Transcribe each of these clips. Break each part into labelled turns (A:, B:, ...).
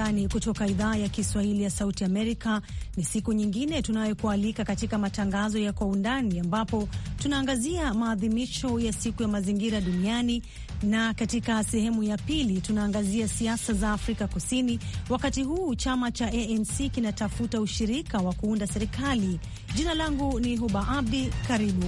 A: Undani kutoka idhaa ya Kiswahili ya Sauti Amerika. Ni siku nyingine tunayokualika katika matangazo ya Kwa Undani, ambapo tunaangazia maadhimisho ya siku ya mazingira duniani, na katika sehemu ya pili tunaangazia siasa za Afrika Kusini. Wakati huu chama cha ANC kinatafuta ushirika wa kuunda serikali. Jina langu ni Huba Abdi, karibu.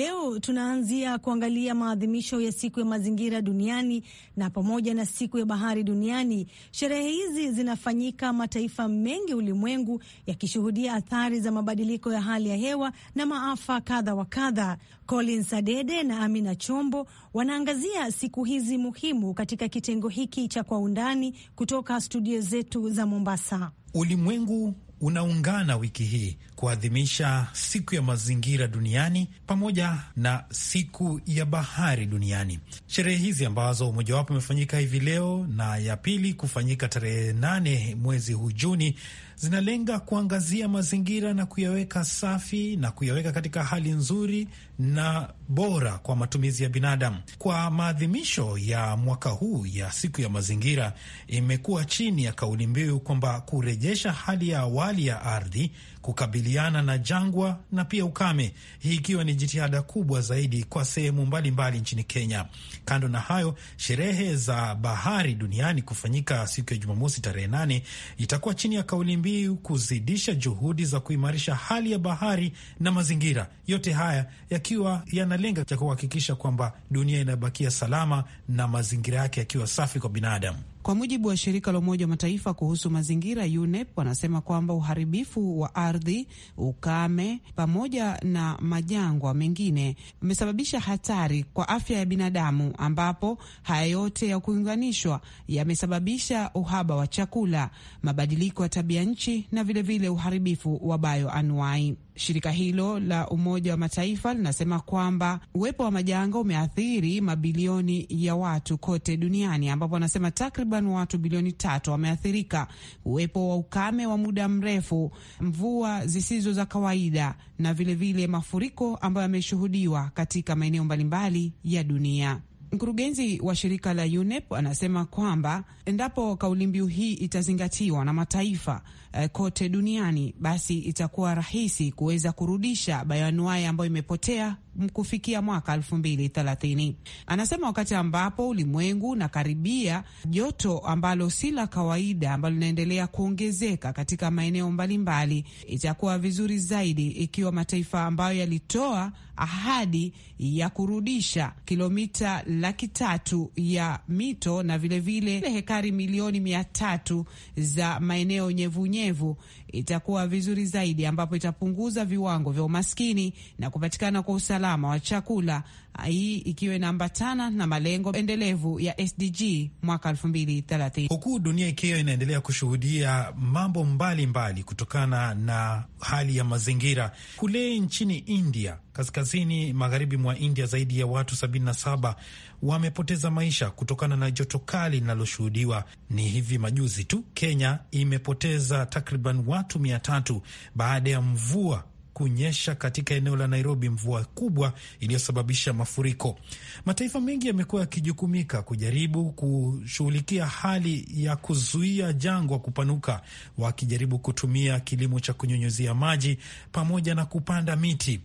A: leo tunaanzia kuangalia maadhimisho ya siku ya mazingira duniani na pamoja na siku ya bahari duniani. Sherehe hizi zinafanyika mataifa mengi ulimwengu yakishuhudia athari za mabadiliko ya hali ya hewa na maafa kadha wa kadha. Colin Sadede na Amina Chombo wanaangazia siku hizi muhimu katika kitengo hiki cha Kwa Undani kutoka studio zetu za Mombasa.
B: Ulimwengu unaungana wiki hii kuadhimisha siku ya mazingira duniani pamoja na siku ya bahari duniani. Sherehe hizi ambazo mojawapo imefanyika hivi leo na ya pili kufanyika tarehe nane mwezi huu Juni zinalenga kuangazia mazingira na kuyaweka safi na kuyaweka katika hali nzuri na bora kwa matumizi ya binadamu. Kwa maadhimisho ya mwaka huu ya siku ya mazingira, imekuwa chini ya kauli mbiu kwamba kurejesha hali ya awali ya ardhi kukabiliana na jangwa na pia ukame, hii ikiwa ni jitihada kubwa zaidi kwa sehemu mbalimbali nchini Kenya. Kando na hayo, sherehe za bahari duniani kufanyika siku ya Jumamosi tarehe nane itakuwa chini ya kauli mbiu kuzidisha juhudi za kuimarisha hali ya bahari na mazingira, yote haya yakiwa yanalenga cha kuhakikisha kwamba dunia inabakia salama na mazingira yake yakiwa safi kwa binadamu. Kwa mujibu wa shirika la Umoja wa Mataifa kuhusu mazingira
C: UNEP, wanasema kwamba uharibifu wa ardhi, ukame pamoja na majangwa mengine umesababisha hatari kwa afya ya binadamu, ambapo haya yote ya kuunganishwa yamesababisha uhaba wa chakula, mabadiliko ya tabia nchi na vilevile vile uharibifu wa bayoanuai. Shirika hilo la Umoja wa Mataifa linasema kwamba uwepo wa majanga umeathiri mabilioni ya watu kote duniani, ambapo wanasema takriban watu bilioni tatu wameathirika. Uwepo wa ukame wa muda mrefu, mvua zisizo za kawaida na vilevile vile mafuriko ambayo yameshuhudiwa katika maeneo mbalimbali ya dunia. Mkurugenzi wa shirika la UNEP anasema kwamba endapo kauli mbiu hii itazingatiwa na mataifa eh, kote duniani, basi itakuwa rahisi kuweza kurudisha bayanuai ambayo imepotea kufikia mwaka 2030. Anasema wakati ambapo ulimwengu unakaribia joto ambalo si la kawaida ambalo linaendelea kuongezeka katika maeneo mbalimbali, itakuwa vizuri zaidi ikiwa mataifa ambayo yalitoa ahadi ya kurudisha kilomita laki tatu ya mito na vilevile vile hekari milioni mia tatu za maeneo nyevunyevu, itakuwa vizuri zaidi ambapo itapunguza viwango vya umaskini na kupatikana kwa usalama usalama wa chakula, hii ikiwa inaambatana na malengo endelevu ya SDG mwaka 2030,
B: huku dunia ikiwa inaendelea kushuhudia mambo mbalimbali mbali kutokana na hali ya mazingira. Kule nchini India, kaskazini magharibi mwa India, zaidi ya watu 77 wamepoteza maisha kutokana na joto kali linaloshuhudiwa. Ni hivi majuzi tu Kenya imepoteza takriban watu 300 baada ya mvua kunyesha katika eneo la Nairobi, mvua kubwa iliyosababisha mafuriko. Mataifa mengi yamekuwa yakijukumika kujaribu kushughulikia hali ya kuzuia jangwa kupanuka, wakijaribu kutumia kilimo cha kunyunyuzia maji pamoja na kupanda miti.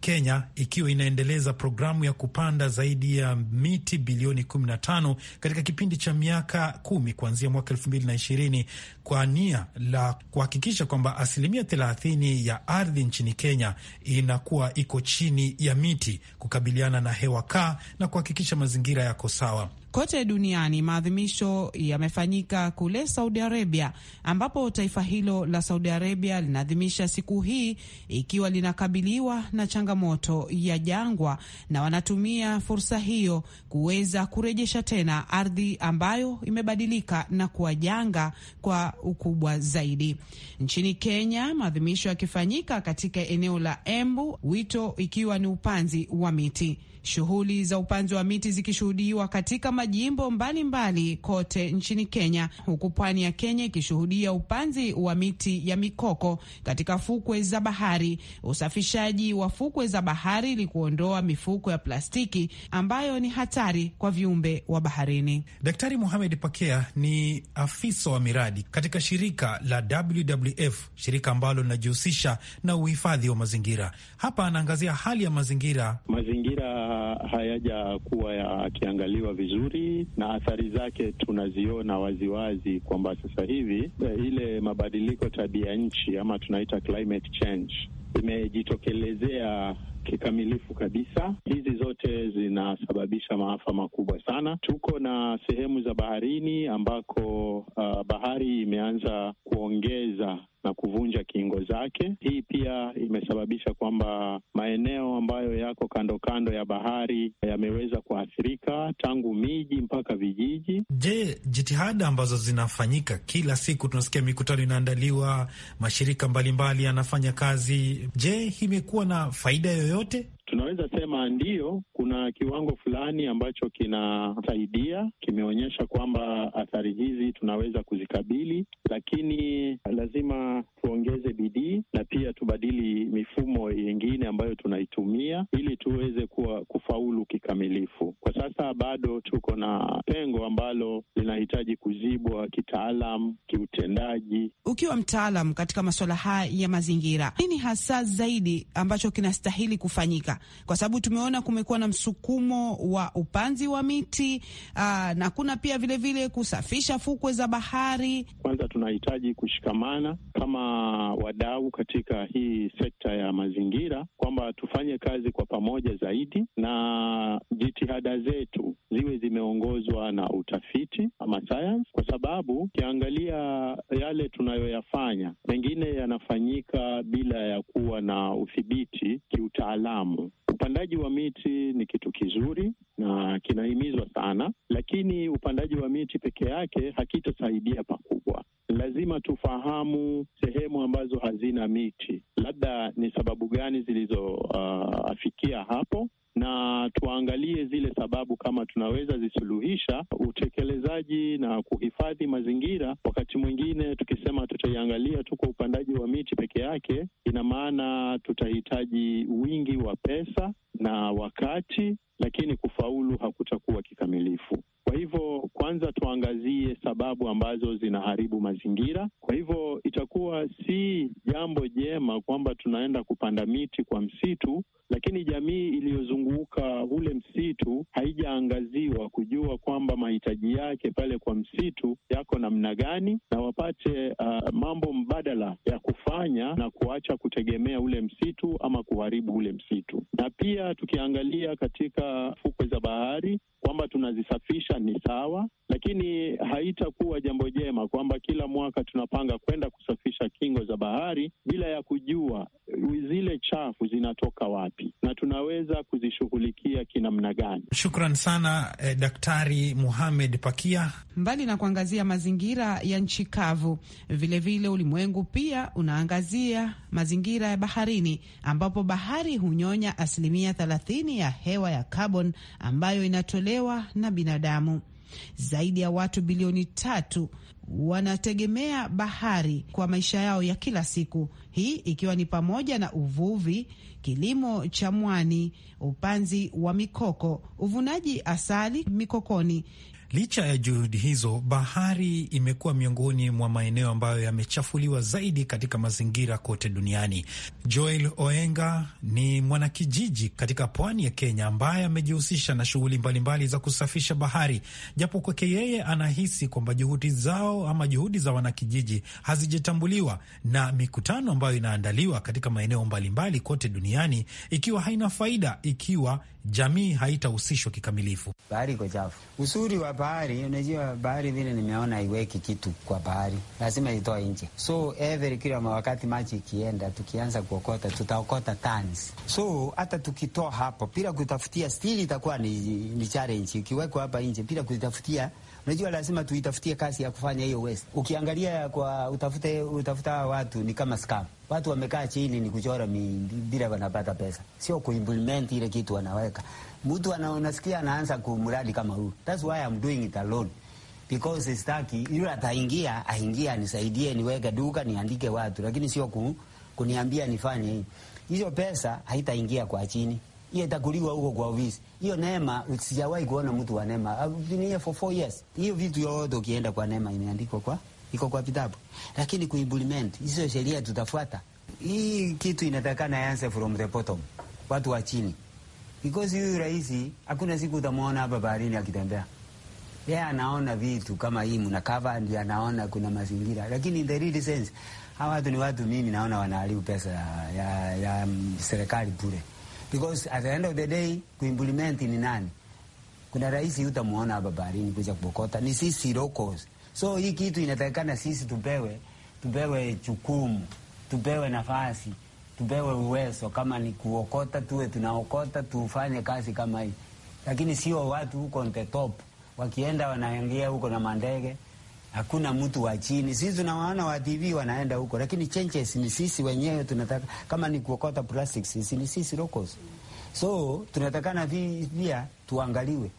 B: Kenya ikiwa inaendeleza programu ya kupanda zaidi ya miti bilioni 15 katika kipindi cha miaka kumi kuanzia mwaka 2020 kwa nia la kuhakikisha kwamba asilimia 30 ya ardhi nchini Kenya inakuwa iko chini ya miti, kukabiliana na hewa kaa na kuhakikisha mazingira yako sawa.
C: Kote duniani maadhimisho yamefanyika kule Saudi Arabia, ambapo taifa hilo la Saudi Arabia linaadhimisha siku hii ikiwa linakabiliwa na changamoto ya jangwa, na wanatumia fursa hiyo kuweza kurejesha tena ardhi ambayo imebadilika na kuwa janga kwa ukubwa zaidi. Nchini Kenya, maadhimisho yakifanyika katika eneo la Embu, wito ikiwa ni upanzi wa miti shughuli za upanzi wa miti zikishuhudiwa katika majimbo mbalimbali mbali kote nchini Kenya, huku pwani ya Kenya ikishuhudia upanzi wa miti ya mikoko katika fukwe za bahari. Usafishaji wa fukwe za bahari ili kuondoa mifuko ya plastiki ambayo ni hatari kwa viumbe
B: wa baharini. Daktari muhamed Pakea ni afisa wa miradi katika shirika la WWF, shirika ambalo linajihusisha na uhifadhi wa mazingira. Hapa anaangazia hali ya mazingira
D: mazingira hayajakuwa yakiangaliwa vizuri, na athari zake tunaziona waziwazi kwamba sasa hivi eh, ile mabadiliko tabia nchi ama tunaita climate change imejitokelezea kikamilifu kabisa. Hizi zote zinasababisha maafa makubwa sana. Tuko na sehemu za baharini ambako uh, bahari imeanza kuongeza na kuvunja kingo zake. Hii pia imesababisha kwamba maeneo ambayo yako kando kando ya bahari yameweza kuathirika tangu miji
B: mpaka vijiji. Je, jitihada ambazo zinafanyika kila siku, tunasikia mikutano inaandaliwa, mashirika mbalimbali yanafanya kazi. Je, imekuwa na faida yoyote?
D: Tunaweza sema ndiyo, kuna kiwango fulani ambacho kinasaidia, kimeonyesha kwamba athari hizi tunaweza kuzikabili, lakini lazima tuongeze bidii na pia tubadili mifumo yingine ambayo tunaitumia ili tuweze kuwa kufaulu kikamilifu. Kwa sasa bado tuko na pengo ambalo linahitaji kuzibwa kitaalam, kiutendaji.
C: Ukiwa mtaalam katika masuala haya ya mazingira, nini hasa zaidi ambacho kinastahili kufanyika kwa sababu tumeona kumekuwa na msukumo wa upanzi wa miti aa, ah, na kuna pia vilevile vile kusafisha fukwe za bahari.
D: Kwanza tunahitaji kushikamana kama wadau katika hii sekta ya mazingira kwamba tufanye kazi kwa pamoja zaidi, na jitihada zetu ziwe zimeongozwa na utafiti ama science, kwa sababu ukiangalia yale tunayoyafanya mengine yanafanyika bila ya kuwa na udhibiti kiutaalamu Upandaji wa miti ni kitu kizuri na kinahimizwa sana, lakini upandaji wa miti peke yake hakitasaidia pakubwa. Lazima tufahamu sehemu ambazo hazina miti, labda ni sababu gani zilizoafikia uh, hapo, na tuangalie zile sababu kama tunaweza zisuluhisha utekelezaji na kuhifadhi mazingira. Wakati mwingine tukisema tutaiangalia tu kwa upandaji wa miti peke yake, ina maana tutahitaji wingi wa pesa na wakati, lakini kufaulu hakutakuwa kikamilifu. Kwa hivyo kwanza tuangazie sababu ambazo zinaharibu mazingira. Kwa hivyo itakuwa si jambo jema kwamba tunaenda kupanda miti kwa msitu, lakini jamii iliyozunguka ule msitu haijaangaziwa kujua kwamba mahitaji yake pale kwa msitu yako namna gani, na wapate uh, mambo mbadala ya kufanya na kuacha kutegemea ule msitu ama kuharibu ule msitu. Na pia tukiangalia katika fukwe za bahari kwamba tunazisafisha kuhakikisha ni sawa, lakini haitakuwa jambo jema kwamba kila mwaka tunapanga kwenda kusafisha kingo za bahari bila ya kujua zile chafu zinatoka
B: wapi na tunaweza kuzishughulikia kinamna gani. Shukran sana eh, Daktari Muhamed Pakia.
C: Mbali na kuangazia mazingira ya nchi kavu, vilevile ulimwengu pia unaangazia mazingira ya baharini, ambapo bahari hunyonya asilimia thelathini ya hewa ya kaboni ambayo inatolewa na binadamu binadamu. Zaidi ya watu bilioni tatu wanategemea bahari kwa maisha yao ya kila siku, hii ikiwa ni pamoja na uvuvi, kilimo cha mwani, upanzi wa mikoko, uvunaji asali mikokoni,
B: Licha ya juhudi hizo, bahari imekuwa miongoni mwa maeneo ambayo yamechafuliwa zaidi katika mazingira kote duniani. Joel Oenga ni mwanakijiji katika pwani ya Kenya ambaye amejihusisha na shughuli mbalimbali za kusafisha bahari, japo kwake yeye anahisi kwamba juhudi zao ama juhudi za wanakijiji hazijatambuliwa na mikutano ambayo inaandaliwa katika maeneo mbalimbali kote duniani, ikiwa haina faida ikiwa jamii haitahusishwa kikamilifu.
E: Bahari iko chafu. Uzuri wa bahari, unajua bahari vile nimeona haiweki kitu kwa bahari, lazima itoe nje. So every kila wakati maji ikienda, tukianza kuokota tutaokota tons. So hata tukitoa hapo bila kutafutia, stili itakuwa ni, ni challenge. Ikiwekwa hapa nje bila kutafutia Unajua, lazima tuitafutie kazi ya kufanya hiyo West. Ukiangalia kwa utafute utafuta watu ni kama scam. Watu wamekaa chini ni kuchora bila wanapata pesa, sio kuimplement ile kitu wanaweka. Mtu anaonasikia anaanza kumradi kama huu. That's why I'm doing it alone because sitaki yule ataingia aingia nisaidie niweke duka niandike watu, lakini sio ku, kuniambia nifanye hivi. Hizo pesa haitaingia kwa chini hiyo itakuliwa huko kwa ofisi. Hiyo neema sijawahi kuona mtu wa neema. I've here for four years. Hiyo vitu yote ukienda kwa neema imeandikwa kwa iko kwa vitabu. Lakini kuimplement hizo sheria tutafuata. Hii kitu inatakana yanze from the bottom. Watu wa chini. Because huyu rais hakuna siku utamwona hapa baharini akitembea. Yeye anaona vitu kama hii cover, ndio anaona kuna mazingira. Lakini in the real sense hawa watu ni watu mimi naona wanaharibu pesa ya, ya, ya mm, serikali bure because at the end of the day kuimplement ni nani? Kuna rais utamwona hapa baharini kuja kubokota ni sisi locals. So hii kitu inatakikana sisi tupewe, tupewe chukumu, tupewe nafasi, tupewe uwezo. Kama ni kuokota, tuwe tunaokota, tufanye kazi kama hii, lakini sio watu huko on the top wakienda wanaingia huko na mandege Hakuna mtu wa chini. Sisi tunawaona wa TV wanaenda huko, lakini changes ni sisi wenyewe. Tunataka kama ni kuokota plastic, sisi ni sisi locals, so tunatakana pia tuangaliwe.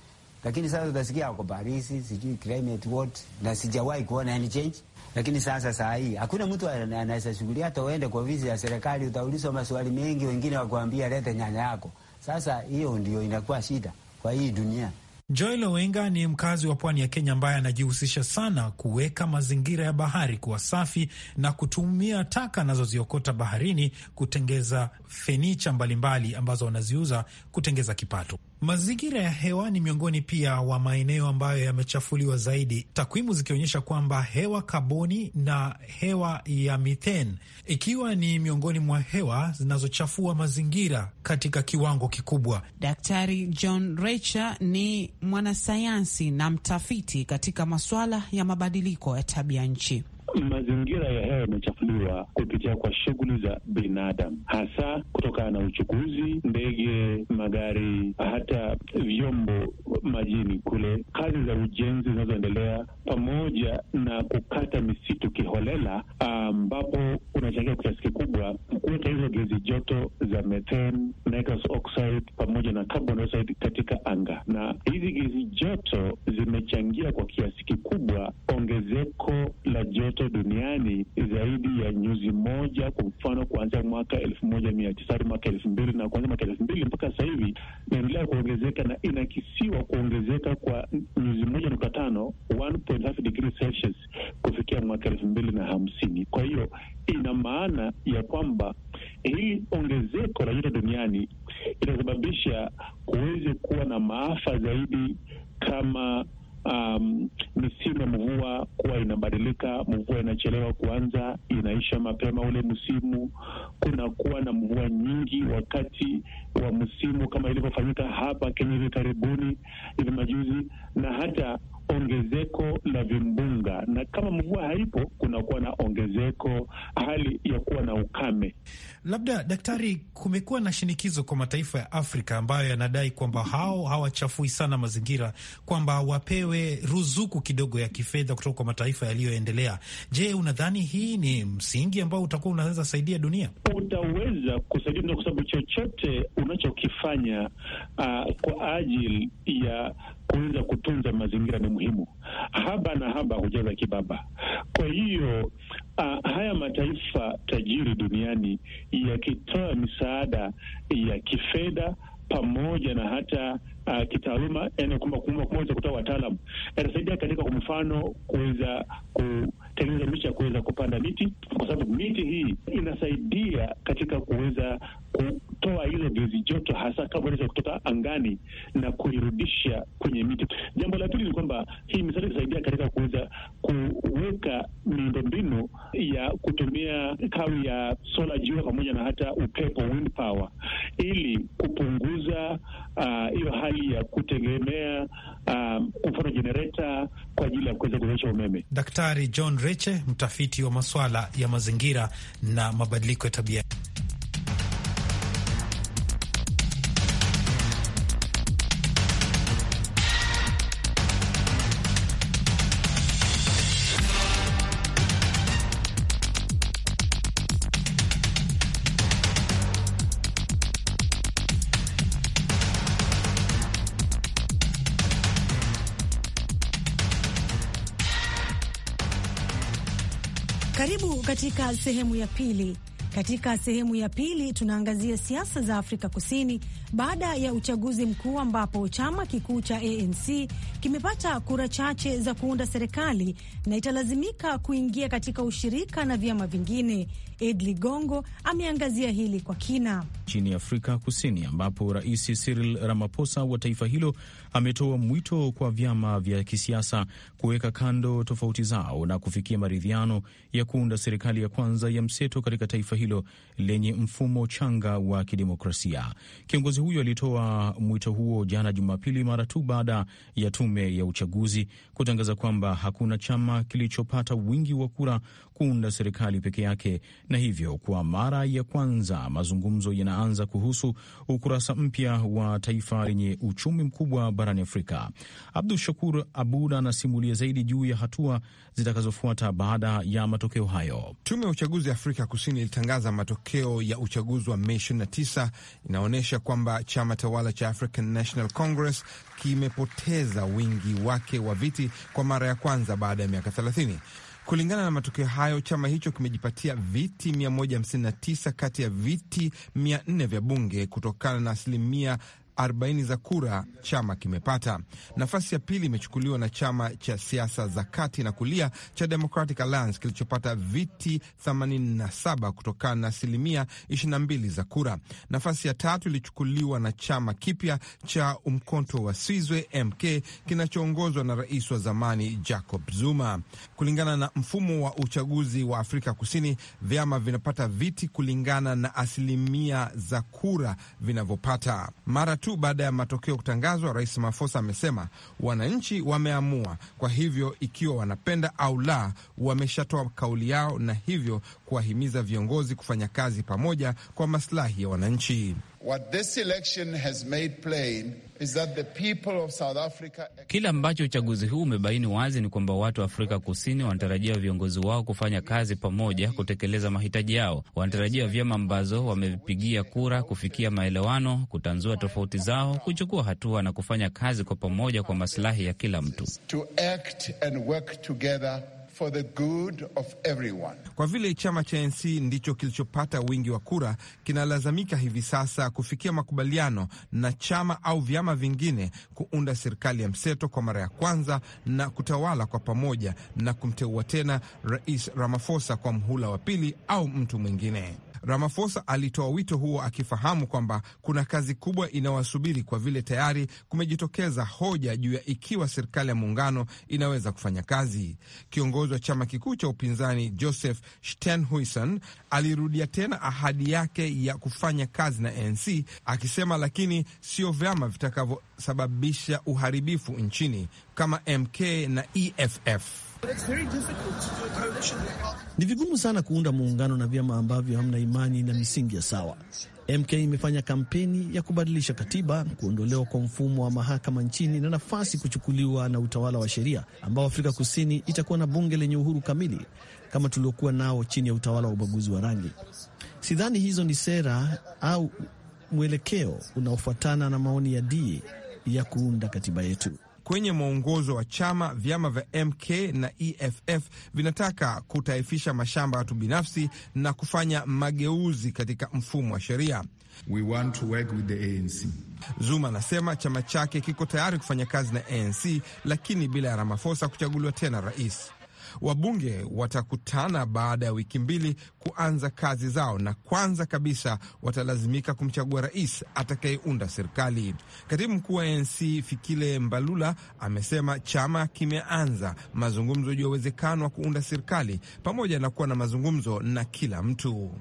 E: Lakini sasa utasikia wako Paris, sijui climate what, na sijawahi kuona any change. Lakini sasa saa hii hakuna mtu anaweza shughulia. Hata uende kwa ofisi ya serikali utaulizwa maswali mengi, wengine wakuambia lete nyanya yako. Sasa hiyo ndio inakuwa shida kwa hii dunia.
B: Joel Owenga ni mkazi wa pwani ya Kenya ambaye anajihusisha sana kuweka mazingira ya bahari kuwa safi na kutumia taka anazoziokota baharini kutengeza fenicha mbalimbali ambazo wanaziuza kutengeza kipato. Mazingira ya hewa ni miongoni pia wa maeneo ambayo yamechafuliwa zaidi, takwimu zikionyesha kwamba hewa kaboni na hewa ya mithen ikiwa ni miongoni mwa hewa zinazochafua mazingira katika kiwango kikubwa.
C: Daktari John Recha ni mwanasayansi na mtafiti katika masuala ya mabadiliko ya tabia nchi
B: mazingira ya hewa
F: yamechafuliwa kupitia kwa shughuli za binadamu, hasa kutokana na uchukuzi, ndege, magari, hata vyombo majini kule, kazi za ujenzi zinazoendelea, pamoja na kukata misitu kiholela, ambapo unachangia kwa kiasi kikubwa kuweka hizo gezi joto za methane, nitrous oxide pamoja na carbon dioxide katika anga, na hizi gezi joto zimechangia kwa kiasi kikubwa ongezeko la joto joto duniani zaidi ya nyuzi moja, kwa mfano kuanzia mwaka elfu moja mia tisa hadi mwaka elfu mbili na kuanzia mwaka elfu mbili mpaka sasa hivi inaendelea kuongezeka na inakisiwa kuongezeka kwa nyuzi moja nukta tano Celsius kufikia mwaka elfu mbili na hamsini. Kwa hiyo ina maana ya kwamba hili ongezeko la joto duniani itasababisha kuweze kuwa na maafa zaidi kama um, msimu ya mvua kuwa inabadilika, mvua inachelewa kuanza, inaisha mapema ule msimu. Kunakuwa na mvua nyingi wakati wa msimu, kama ilivyofanyika hapa Kenya hivi karibuni, hivi majuzi, na hata ongezeko la vimbunga, na kama mvua haipo, kunakuwa na ongezeko hali ya kuwa na ukame.
B: Labda daktari, kumekuwa na shinikizo kwa mataifa ya Afrika ambayo yanadai kwamba hao hawachafui sana mazingira, kwamba wapewe ruzuku kidogo ya kifedha kutoka kwa mataifa yaliyoendelea. Je, unadhani hii ni msingi ambao utakuwa unaweza saidia dunia?
F: Utaweza kusaidia dunia kwa sababu chochote unachokifanya uh, kwa ajili ya kuweza kutunza mazingira ni muhimu. Haba na haba hujaza kibaba. Kwa hiyo uh, haya mataifa tajiri duniani yakitoa misaada ya kifedha pamoja na hata uh, kitaaluma, yani kuweza kutoa wataalam, yatasaidia katika kwa mfano kuweza ku kutengeneza miche ya kuweza kupanda miti, kwa sababu miti hii inasaidia katika kuweza kutoa hizo gezi joto, hasa kabla kutoka angani na kuirudisha kwenye miti. Jambo la pili ni kwamba hii misati inasaidia katika kuweza kuweka miundombinu ya kutumia kawi ya sola, jua pamoja na hata upepo, wind power, ili kupunguza ah, hiyo uh, hali ya kutegemea kwa ah, mfano jenereta kwa ajili ya kuweza kuzalisha umeme.
B: Daktari John Reche, mtafiti wa maswala ya mazingira na mabadiliko ya tabia
A: katika sehemu ya pili. Katika sehemu ya pili tunaangazia siasa za Afrika Kusini baada ya uchaguzi mkuu ambapo chama kikuu cha ANC kimepata kura chache za kuunda serikali na italazimika kuingia katika ushirika na vyama vingine. Ed Ligongo ameangazia hili kwa kina.
G: Nchini Afrika Kusini ambapo Rais Cyril Ramaphosa wa taifa hilo ametoa mwito kwa vyama vya kisiasa kuweka kando tofauti zao na kufikia maridhiano ya kuunda serikali ya kwanza ya mseto katika taifa hilo lenye mfumo changa wa kidemokrasia. Kiongozi Kiongozi huyo alitoa mwito huo jana Jumapili, mara tu baada ya tume ya uchaguzi kutangaza kwamba hakuna chama kilichopata wingi wa kura kuunda serikali peke yake, na hivyo kwa mara ya kwanza mazungumzo yanaanza kuhusu ukurasa mpya wa taifa lenye uchumi mkubwa barani Afrika. Abdu Shakur Abud anasimulia zaidi juu ya hatua zitakazofuata baada ya matokeo hayo. Tume
H: ya uchaguzi ya Afrika Kusini ilitangaza matokeo ya uchaguzi wa Mei 29 inaonyesha kwamba chama tawala cha African National Congress kimepoteza wingi wake wa viti kwa mara ya kwanza baada ya miaka 30. Kulingana na matokeo hayo, chama hicho kimejipatia viti 159 kati ya viti 400 vya bunge kutokana na asilimia 40 za kura chama kimepata. Nafasi ya pili imechukuliwa na chama cha siasa za kati na kulia cha Democratic Alliance kilichopata viti 87 kutokana na asilimia 22 za kura. Nafasi ya tatu ilichukuliwa na chama kipya cha Umkonto wa Sizwe MK kinachoongozwa na rais wa zamani Jacob Zuma. Kulingana na mfumo wa uchaguzi wa Afrika Kusini, vyama vinapata viti kulingana na asilimia za kura vinavyopata mara tu tu baada ya matokeo kutangazwa, Rais Mafosa amesema wananchi wameamua, kwa hivyo ikiwa wanapenda au la, wameshatoa kauli yao, na hivyo kuwahimiza viongozi kufanya kazi pamoja kwa maslahi ya wananchi. Kile ambacho uchaguzi
E: huu umebaini wazi ni kwamba watu wa Afrika Kusini wanatarajia viongozi wao kufanya kazi pamoja kutekeleza mahitaji yao. Wanatarajia vyama ambazo wamevipigia kura kufikia maelewano, kutanzua tofauti zao, kuchukua hatua na kufanya kazi kwa pamoja kwa masilahi ya kila mtu
H: to act and work together for the good of everyone. Kwa vile chama cha ANC ndicho kilichopata wingi wa kura, kinalazimika hivi sasa kufikia makubaliano na chama au vyama vingine kuunda serikali ya mseto kwa mara ya kwanza na kutawala kwa pamoja na kumteua tena Rais Ramaphosa kwa mhula wa pili au mtu mwingine. Ramaphosa alitoa wito huo akifahamu kwamba kuna kazi kubwa inawasubiri kwa vile tayari kumejitokeza hoja juu ya ikiwa serikali ya muungano inaweza kufanya kazi. Kiongozi wa chama kikuu cha upinzani Joseph Stenhuisen alirudia tena ahadi yake ya kufanya kazi na ANC akisema, lakini sio vyama vitakavyosababisha uharibifu nchini kama MK na EFF.
G: Ni vigumu sana kuunda muungano na vyama ambavyo hamna imani na misingi ya sawa. MK imefanya kampeni ya kubadilisha katiba, kuondolewa kwa mfumo wa mahakama nchini na nafasi kuchukuliwa na utawala wa sheria, ambao Afrika Kusini itakuwa na bunge lenye uhuru kamili kama tuliokuwa nao chini ya utawala wa ubaguzi wa rangi. Sidhani hizo ni sera au mwelekeo
H: unaofuatana na maoni ya die ya kuunda katiba yetu kwenye mwongozo wa chama, vyama vya MK na EFF vinataka kutaifisha mashamba ya watu binafsi na kufanya mageuzi katika mfumo wa sheria. We want to work with the ANC. Zuma anasema chama chake kiko tayari kufanya kazi na ANC, lakini bila ya Ramaphosa kuchaguliwa tena rais. Wabunge watakutana baada ya wiki mbili kuanza kazi zao, na kwanza kabisa watalazimika kumchagua rais atakayeunda serikali. Katibu mkuu wa ANC Fikile Mbalula amesema chama kimeanza mazungumzo juu ya uwezekano wa kuunda serikali pamoja na kuwa na mazungumzo na kila mtu.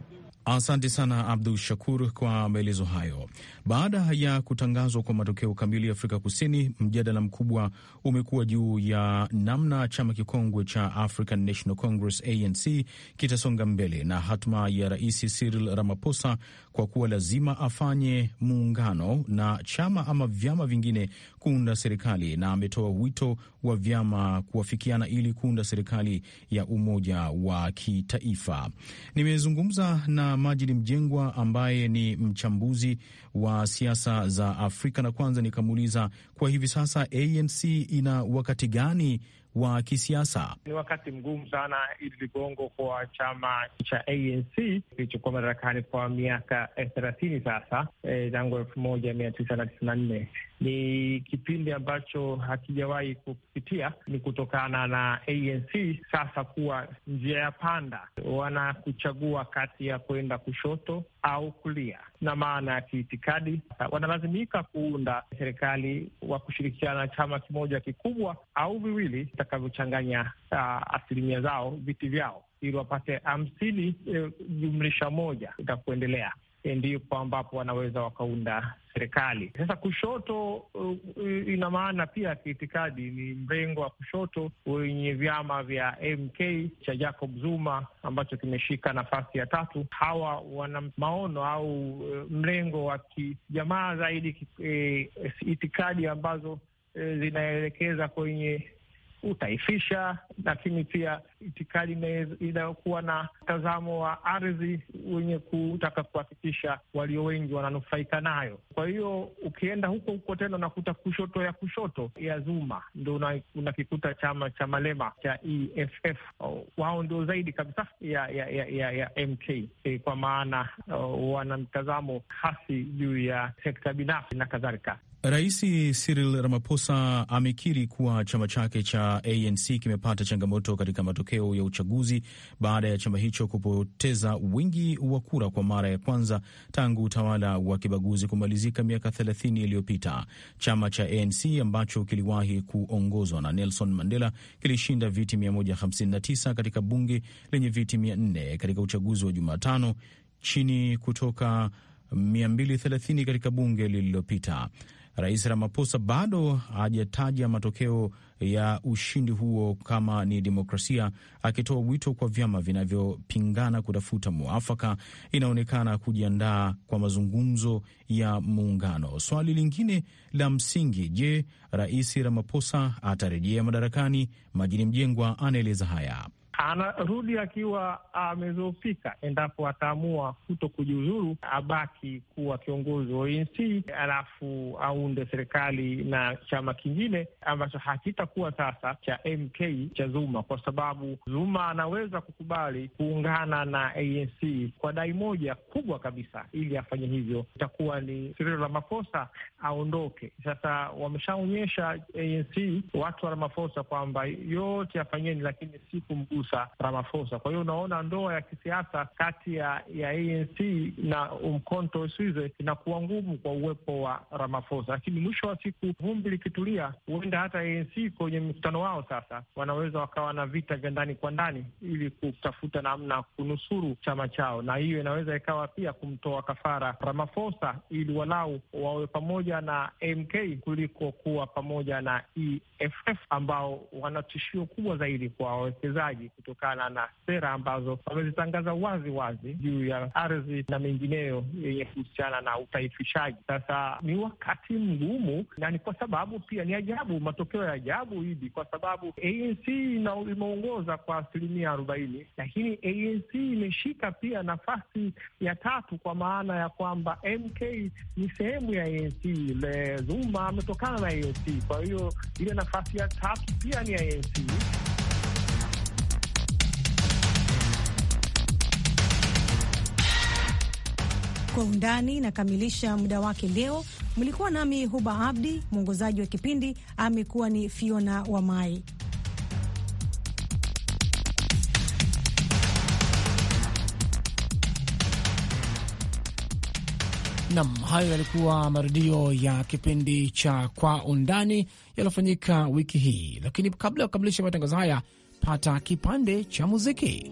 H: Asante sana Abdu Shakur kwa maelezo hayo.
G: Baada ya kutangazwa kwa matokeo kamili Afrika Kusini, mjadala mkubwa umekuwa juu ya namna chama kikongwe cha African National Congress ANC kitasonga mbele na hatma ya Rais Cyril Ramaphosa, kwa kuwa lazima afanye muungano na chama ama vyama vingine kuunda serikali, na ametoa wito wa vyama kuwafikiana ili kuunda serikali ya umoja wa kitaifa. Nimezungumza na Majid Mjengwa ambaye ni mchambuzi wa siasa za Afrika, na kwanza nikamuuliza kwa hivi sasa ANC ina wakati gani wa kisiasa?
I: Ni wakati mgumu sana Idi Ligongo, kwa chama cha ANC kilichokuwa madarakani kwa miaka thelathini sasa eh, tangu elfu moja mia tisa na tisini na nne ni kipindi ambacho hakijawahi kupitia, ni kutokana na ANC sasa kuwa njia ya panda, wanakuchagua kati ya kwenda kushoto au kulia, na maana ya kiitikadi wanalazimika kuunda serikali wa kushirikiana na chama kimoja kikubwa au viwili vitakavyochanganya uh, asilimia zao viti vyao ili wapate hamsini eh, jumlisha e, moja itakuendelea, ndipo ambapo wanaweza wakaunda serikali. Sasa kushoto uh, uh ina maana pia kiitikadi ni mrengo wa kushoto wenye vyama vya MK cha Jacob Zuma ambacho kimeshika nafasi ya tatu. Hawa wana maono au uh, mrengo wa kijamaa zaidi, uh, itikadi ambazo uh, zinaelekeza kwenye utaifisha lakini pia itikadi inayokuwa na mtazamo wa ardhi wenye kutaka kuhakikisha walio wengi wananufaika nayo. Kwa hiyo ukienda huko huko tena unakuta kushoto ya kushoto ya Zuma ndo unakikuta chama cha Malema cha EFF, wao ndio zaidi kabisa ya ya ya, ya, ya MK e, kwa maana uh, wana mtazamo hasi juu ya sekta binafsi na kadhalika.
G: Rais Cyril Ramaphosa amekiri kuwa chama chake cha ANC kimepata changamoto katika matokeo matokeo ya uchaguzi baada ya chama hicho kupoteza wingi wa kura kwa mara ya kwanza tangu utawala wa kibaguzi kumalizika miaka 30 iliyopita. Chama cha ANC ambacho kiliwahi kuongozwa na Nelson Mandela kilishinda viti 159 katika bunge lenye viti 400 katika uchaguzi wa Jumatano chini kutoka 230 katika bunge lililopita. Rais Ramaphosa bado hajataja matokeo ya ushindi huo kama ni demokrasia, akitoa wito kwa vyama vinavyopingana kutafuta mwafaka, inaonekana kujiandaa kwa mazungumzo ya muungano. Swali lingine la msingi, je, Rais Ramaphosa atarejea madarakani? Majini Mjengwa anaeleza haya
I: anarudi akiwa amezofika. Endapo ataamua kuto kujiuzuru, abaki kuwa kiongozi wa ANC alafu aunde serikali na chama kingine ambacho hakitakuwa sasa cha MK cha Zuma, kwa sababu Zuma anaweza kukubali kuungana na ANC kwa dai moja kubwa kabisa. Ili afanye hivyo, itakuwa ni Cyril Ramaphosa aondoke. Sasa wameshaonyesha ANC watu wa Ramaphosa kwamba yote afanyeni, lakini sikumgusa Ramaphosa Ramafosa. Kwa hiyo unaona ndoa ya kisiasa kati ya ya ANC na Umkhonto we Sizwe inakuwa ngumu kwa uwepo wa ramafosa lakini mwisho wa siku vumbi likitulia, huenda hata ANC kwenye mkutano wao sasa wanaweza wakawa na vita vya ndani kwa ndani ili kutafuta namna kunusuru chama chao, na hiyo inaweza ikawa pia kumtoa kafara ramafosa ili walau wawe pamoja na MK kuliko kuwa pamoja na EFF ambao wana tishio kubwa zaidi kwa wawekezaji kutokana na sera ambazo wamezitangaza wazi wazi juu ya ardhi na mengineyo yenye kuhusiana na utaifishaji. Sasa ni wakati mgumu, na ni kwa sababu pia ni ajabu, matokeo ya ajabu hivi, kwa sababu ANC imeongoza kwa asilimia arobaini, lakini ANC imeshika pia nafasi ya tatu, kwa maana ya kwamba MK ni sehemu ya ANC, Zuma ametokana na ANC, kwa hiyo ile nafasi ya tatu pia
A: ni ANC. Kwa Undani nakamilisha muda wake leo. Mlikuwa nami Huba Abdi, mwongozaji wa kipindi amekuwa ni Fiona Wamai.
I: Nam, hayo yalikuwa marudio ya kipindi cha Kwa Undani yaliyofanyika wiki hii, lakini kabla ya kukamilisha matangazo haya, pata kipande cha muziki.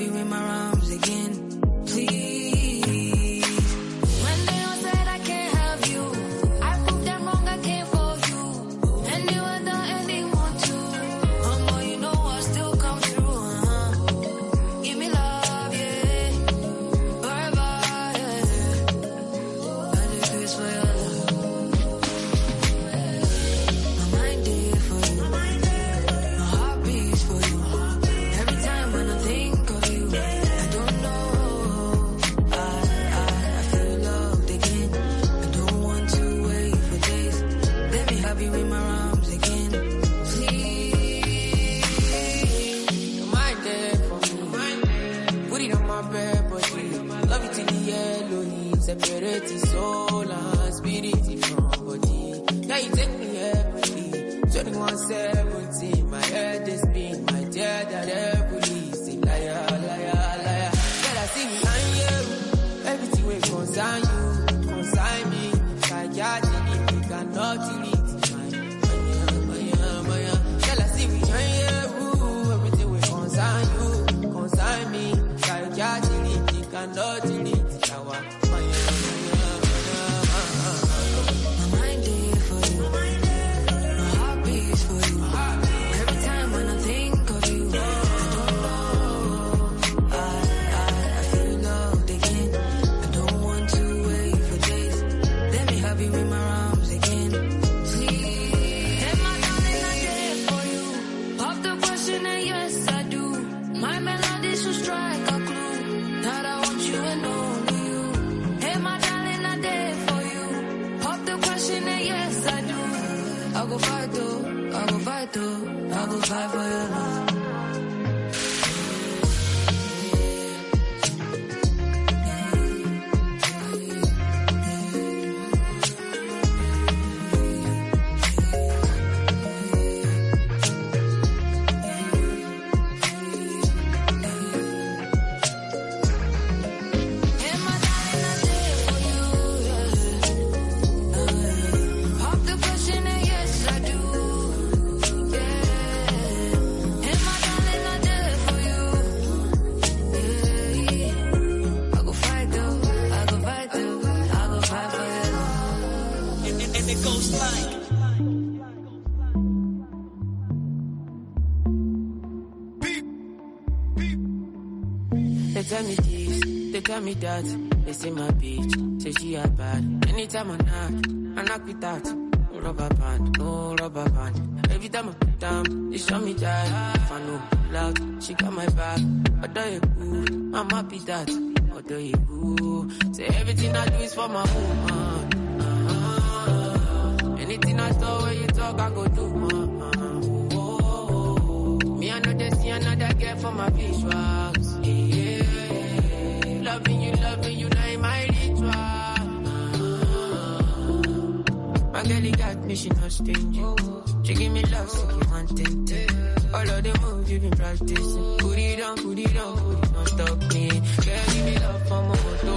J: be in my arms again. Please. Separate the soul and spirit from body. Now you take me heavily. Twenty one seventy. my head is spin, my dead and heavily. Say liar, liar, liar. Can I see behind you? Everything will consign you, consign me. I Psychiatry, if you cannot delete. I will fight though, I will fight though, I will fight for your love. tell me that. They say my bitch, say she a bad. Anytime I knock, I knock with that. rubber band, no rubber band. Every time I put down, they show me that. If I know loud, she got my back. do you cool, I'm happy that. do you cool, say everything I do is for my woman. Uh, uh, uh. Anything I saw when you talk, I go do. my. huh Oh, oh, oh. Me, I know they see another girl for my visual love me, you love me, you know my ritual. My girl, he got me, she not stingy. She give me love, so you want it. All of the moves you been practicing. Put it on, put it on, put it on, stop me. Girl, give me love for moto.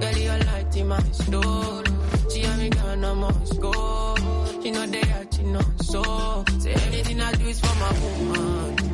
J: Girl, you're light in my store. She and me gone, no more score. She know they are, she know so. Say so anything I do is for my woman.